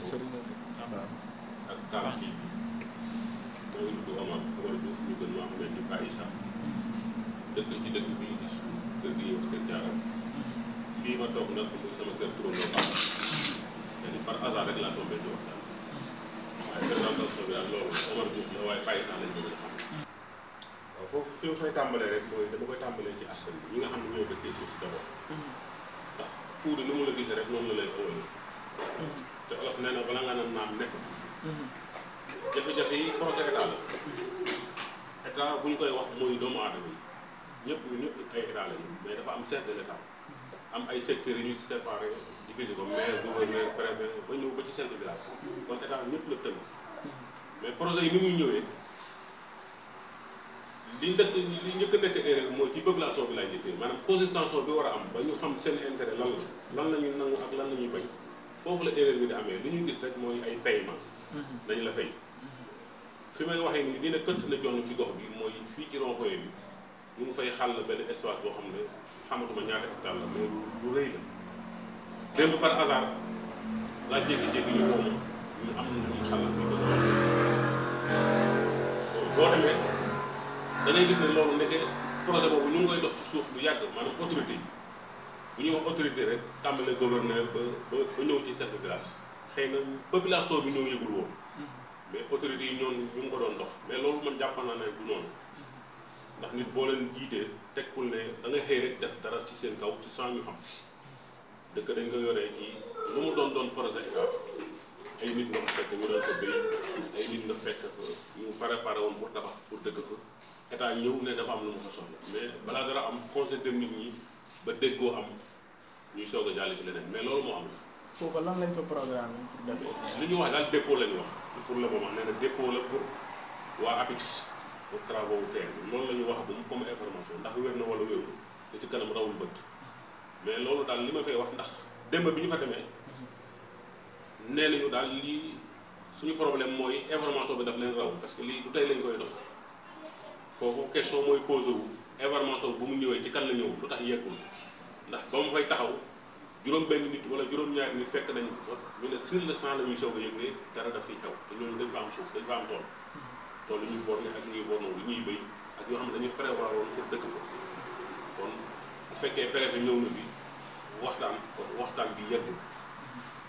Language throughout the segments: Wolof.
sori na ak Kaam TV mooy lu ko amal amal Diouf ñu gën maa xamee ci Aïcha dëkk ci dëkk bii gis kër gi ñëw kër jaaram fii ma toog nag muy sama kër turandoo baax na par hasard rek laa tombé Omar Diouf la waaye Aïcha lañ bëgg a xam. waaw foofu fi ma koy tàmbalee rek mooy dama koy tàmbalee ci askan bi ñi nga xam ne ñoo dëkkee suuf d'abord. ndax puudar nu mu la gisee rek noonu la lay ëwalee. te olof nee na bala nga naan maam nekk. jafe-jafe yi projet état la bu ñu koy wax mooy doomu aadama yi ñëpp ñëpp ay état lañu mais dafa am chef de l' am ay secteurs yu ñu séparé divisé ko maire ba ñëw ba ci chef de village ñëpp la tënk mais projet yi ni muy ñëwee li njëkk li njëkk nekk erreur mooy ci population bi laay njëkkee maanaam consultation bi war a am ba ñu xam seen intérêt lan la lan la ñuy nangu ak lan la ñuy bañ foofu la erreur bi di amee li ñu gis rek mooy ay paiement dañu la fay fi may waxee ni dina kët na jonn ci gox bi mooy fii ci rond-point bi ñu ngi fay xàll benn espace boo xam ne xamatuma ñaata hectare la mais lu rëy la démb par hasard laa jékki-jékki ñu woo ñu am na ñu xàll fii ba boo demee da ngay gis ne loolu nekkee projet boobu ñu ngi koy dox ci suuf lu yàgg maanaam autorité yi bu ñuy wax autorité rek tàmbale gouverneur ba ba ñëw ci set de village xëy na population bi ñoo yëgul woon mm-hmm. mais autorité yi ñoon ñu ngi ko doon dox mais loolu man jàpp naa ne du noonu mm-hmm. ndax nit boo leen jiitee tekkul ne da nga xëy rek def dara ci seen kaw ci sans ñu xam dëkk dañ ko yoree ci lu mu doon doon projet ay nit nga fekk ñu doon ko béy ay nit nga fekk ñu préparé woon pour tabax pour dëkk ko état ñëw ne dafa am lu mu ko soxla mais balaa dara am conseil technique ñi ba déggoo am ñuy soog a jàll ci leneen mais loolu moo am. foofu lan lañ ko programme li ñu wax daal dépôt la ñu wax pour la pour waa APIX pour travaux terre bi la ñu wax bu mu comme information ndax wér na wala wéru li ci kanam rawul bët mais loolu daal li ma fay wax ndax démb bi ñu fa demee nee nañu daal lii suñu problème mooy information bi daf leen raw parce que lii du tey lañ koy dox foofu question mooy posé information bu mu ñëwee ci kan la ñëw lu tax yeggul ndax ba mu fay taxaw juróom benn nit wala juróom ñaar nit fekk nañu ko ñu ne sur le champ la ñuy soog a yëg ne dara daf fiy taw te ñooñu dañ fa am suuf dañ fa am tool tool yi ñuy borne ak ñuy bornoo ñuy béy ak yoo xam ne dañuy prévoir woon pour dëkk fa kon bu fekkee préfet ñëw na bi waxtaan kon waxtaan bi yeggul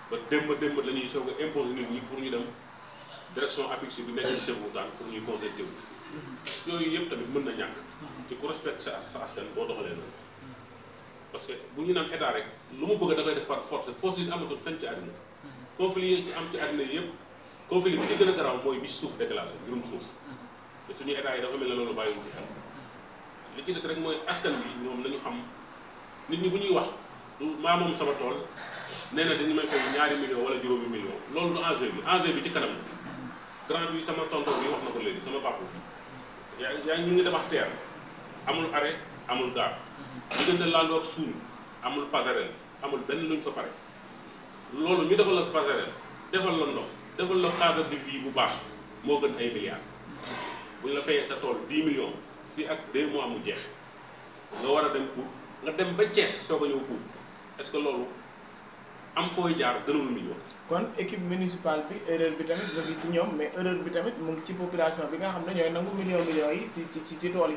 ba démb démb la ñuy soog a imposer nit ñi pour ñu dem direction APIX bi nekk ci Sébikotane pour ñuy concerté wu Mm-hmm. yooyu yëpp tamit mën na ñàkk ci mm-hmm. ku respecte sa sa askan boo doxalee noonu mm-hmm. parce que bu ñu naan état rek lu mu bëgg da koy def par force force yi amatul fenn ci àddina conflit yi ci am ci àddina yëpp conflit bi ci gën a garaaw mooy bi suuf déclassé juróom suuf te suñu état yi dafa mel li ci des rek mooy askan bi ñoom nañu xam nit ñi bu ñuy wax du maa moom sama tool nee na dañu may fay ñaari million wala juróomi million loolu du enjeu bi enjeu bi ci kanam grand bi sama tonton bi wax na ko léegi sama papa bi yaa yaa ñu ngi tabax teer amul arrêt amul gaar mhm. diggante Landoor Suun amul passerelle amul benn luñ sa pare loolu ñu defal la passerelle defal la ndox defal la cadre de vie bu baax moo gën ay milliards mhm. bu la fayee sa tool 10 millions si ak 2 mois mu jeex nga war a dem pour nga dem ba Thiès soog a ñëw pour est loolu. am fooy jaar gënul million kon équipe municipale bi erreur bi tamit mu ngi ci ñoom mais erreur bi tamit mu ngi ci population bi nga xam ne ñooy nangu million million yi ci ci tool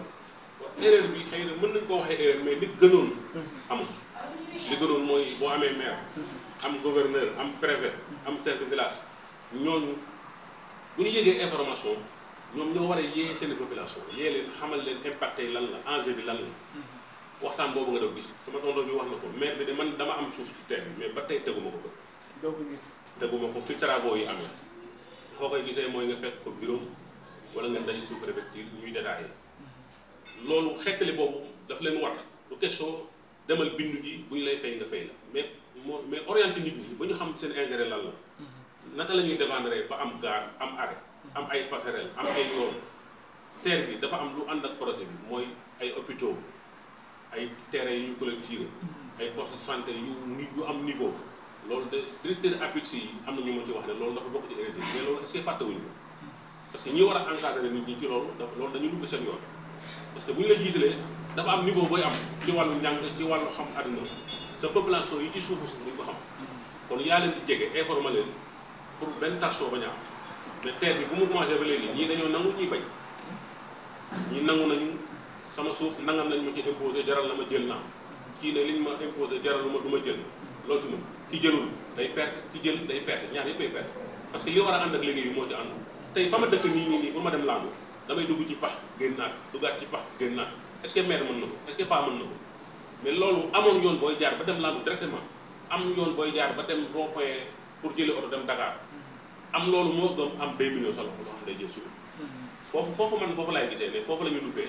yi erreur bi xëy na mën nañ koo waxee erreur mais li gënoon mhm. amul li gënoon mooy boo amee maire mhm. am gouverneur am préfet am chef de village ñooñu bu ñu yëgee information ñoom ñoo war yee seen population yee leen xamal leen impacté lan la enjeu bi lan la mhm. waxtaan boobu nga doon gis sama tonton bi wax na ko mais bi de man dama am suuf ci terre bi mais ba tey teguma ko bët. doo ko gis teguma ko fi travaux yi amee foo koy gisee mooy nga fekk ko bureau wala nga daje sous préfecture ñuy détaillé loolu xettali boobu daf leen war lu question demal bindu ji bu ñu lay fay nga fay la mais moo mais orienté nit bi ba ñu xam seen intérêt lan la. Mm-hmm. naka la ñuy défendre ba am gaar am arrêt am ay passerelle am ay yoon terre bi dafa am lu ànd ak projet bi mooy ay hôpitaux. ay terrain yu ñu collectivé mm-hmm. ay poste santé yu yu am niveau loolu de directeur APIX yi am na ñu ma ci wax ne loolu dafa bokk ci énergie mais loolu mm-hmm. parce que ñi war a encadrer nit ñi ci loolu dafa loolu dañu dugg seen yoon parce que bu ñu la jiitalee dafa am niveau booy am ci wàllu njàng ci wàllu xam àdduna sa population yi ci suufu sax duñ ko xam mm-hmm. kon yaa leen di jege informer leen pour benn tension bañ a am mais bi bu mu commencé ba léegi ñii dañoo nangu ñuy bañ ñii nangu nañu sama suuf nangam lañ ma ci imposé jaral na ma jël naa kii ne liñ ma imposé jaral ma du ma jël loolu tamit ki jëlul day perte ki jël day perte ñaar yëpp day perte parce que yow war a ànd ak liggéey bi moo ci ànd tey fa ma dëkk nii nii nii pour ma dem laandu damay dugg ci pax génn naa duggaat ci pax génn naat est ce que na ko est ce na ko mais loolu amoon yoon booy jaar ba dem laandu directement am yoon booy jaar ba dem rond point pour jëlee oto dem Dakar am loolu moo gëm am 2 millions sa day jël suuf mm-hmm. man foofu laay gisee ne foofu la ñu duggee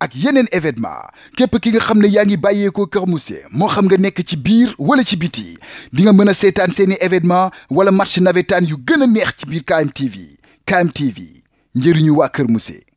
ak yeneen événement képp ki nga xam ne yaa ngi bàyyeekoo Kër Mousse moo xam nga nekk ci biir wala ci biti dinga mën a seetaan seeni événement wala match navétane yu gën a neex ci biir KMTV KMTV njëriñu waa Kër Mousse